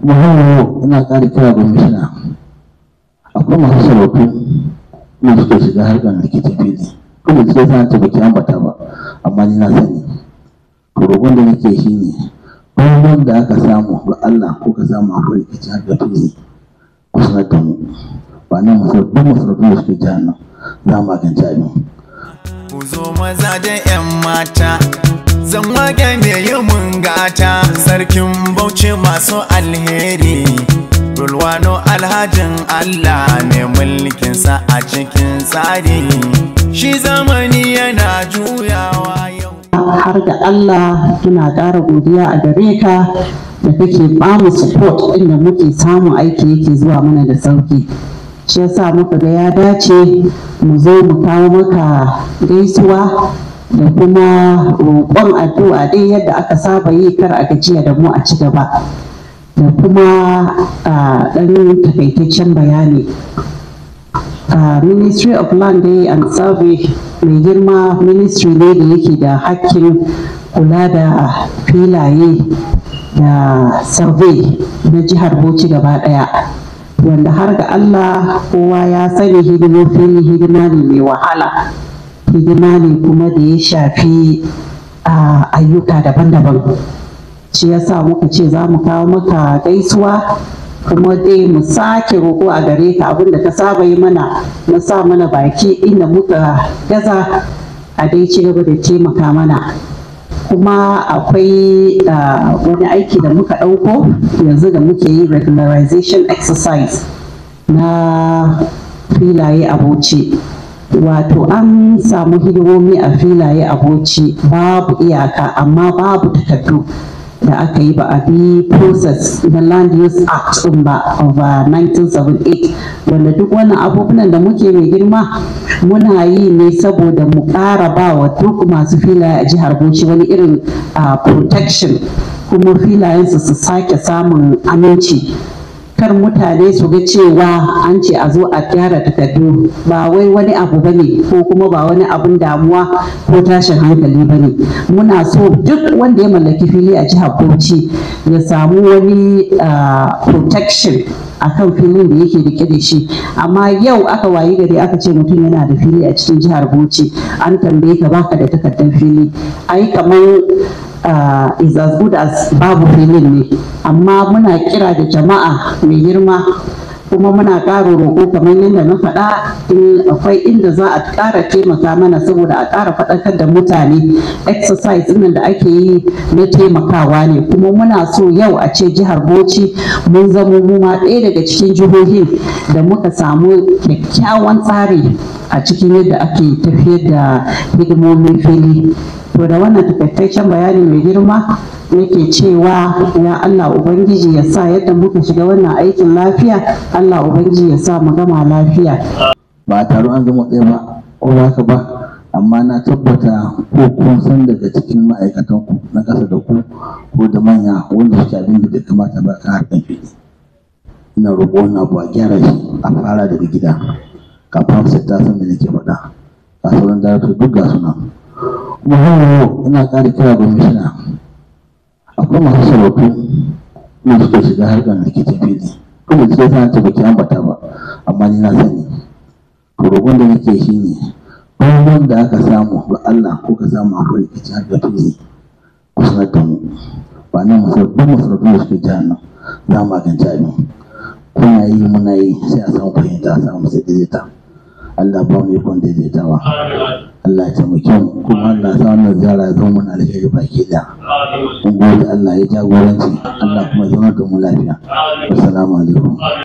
kuma hanyar yau ina ƙara kira ga mishina akwai masu sarautu na suke shiga harkar rikicin fili kuma da sai sana ta baki ambata ba amma ni na sani to roƙon da nake shi ne bangon da aka samu ga Allah ko ka samu akwai rikicin harkar fili ku sanar da mu ba nan masarautu masarautu da suke jihar nan za mu magance abin. Ku zo maza da 'yan mata zan wage me yi mun gata sarkin bauchi masu alheri Dulwana alhajin Allah mai mulkinsa a cikin tsari shi zamani yana juyawa yau har ga Allah kina ƙara godiya a gare ka da kake bamu support inda muke samun aiki yake zuwa mana da sauki shi yasa muka ga ya dace mu zo mu kawo maka gaisuwa da kuma roƙon addu'a dai yadda aka saba yi kar a gajiya da mu a ci gaba da kuma ɗan takaitaccen bayani A ministry of land day and survey mai girma ministry ne da yake da hakkin kula da filaye da survey na jihar bauchi gaba ɗaya wanda har ga allah kowa ya sani hidimofin hidima ne mai wahala hidima ne kuma da ya shafi ayyuka daban-daban shi ya sa muka ce za mu kawo maka gaisuwa kuma dai mu sake roƙo a gare ka abin da ka saba yi mana na sa mana baki inda muka gaza a dai ci gaba da taimaka mana kuma akwai wani aiki da muka ɗauko yanzu da muke yi regularization exercise na filaye a bauchi wato an samu hidimomi a filaye a Bauchi babu iyaka amma babu takardu da aka yi ba a bi process na land use act din ba of 1978 wanda duk wani abubuwan da muke mai girma muna yi ne saboda mu ƙara ba wa duk masu filaye a jihar bauchi wani irin ah, protection kuma filayensu su sake samun aminci kar mutane su ga cewa an ce a zo a gyara takardu ba wai wani abu ba ne ko kuma ba wani abun damuwa ko tashin hankali ba ne muna so duk wanda ya mallaki fili a jihar bauchi ya samu wani ah, protection a kan filin da yake rike da shi amma yau aka wayi gari aka ce mutum yana da fili a cikin jihar bauchi an tambaye ka baka da takardar fili ai kamar uh, is as good as babu filin ne amma muna kira da jama'a mai girma kuma muna ƙara roƙo kamar yadda na faɗa in akwai inda za a ƙara taimaka mana saboda a ƙara faɗakar da mutane exercise ɗin da ake yi na taimakawa ne kuma muna so yau a ce jihar Bauchi mun zama mu ma ɗaya daga cikin jihohi da muka samu kyakkyawan tsari a cikin yadda ake tafiyar da hidimomin fili to da wannan takaitaccen bayani mai girma yake cewa ya Allah Ubangiji ya sa yadda muka shiga wannan aikin lafiya Allah Ubangiji ya sa mu gama lafiya ba taro an zama ɗaya ba ko ba ka ba amma na tabbata ko kun san daga cikin ma'aikatan ku na ƙasa da ku ko da manya wanda suke abin da kamata ba ka harkar fiɗi ina roƙo na abu a gyara shi a fara daga gida kafin su ta san me nake faɗa a sauran darato duk ga sunan kuma hanyar yau ina ƙara kira gwamnatina akwai masu sarautu na suka shiga harkar rikicin fili kuma su yasa ta baki ambata ba amma ni na sani to roƙon da nake shi ne bangon da aka samu ga Allah ko ka samu akwai rikicin harkar fili ku sanar da mu ba nan masarautu masarautu da suke jihar nan za mu magance abin kuna yi muna yi sai a samu fahimta a samu sai daidaita Allah ba mu yi kwan daidaitawa. Allah ta mu kuma Allah ta wannan ziyara zama mana alheri baki da mun gode Allah ya jagoranci Allah kuma zama da mu lafiya assalamu alaikum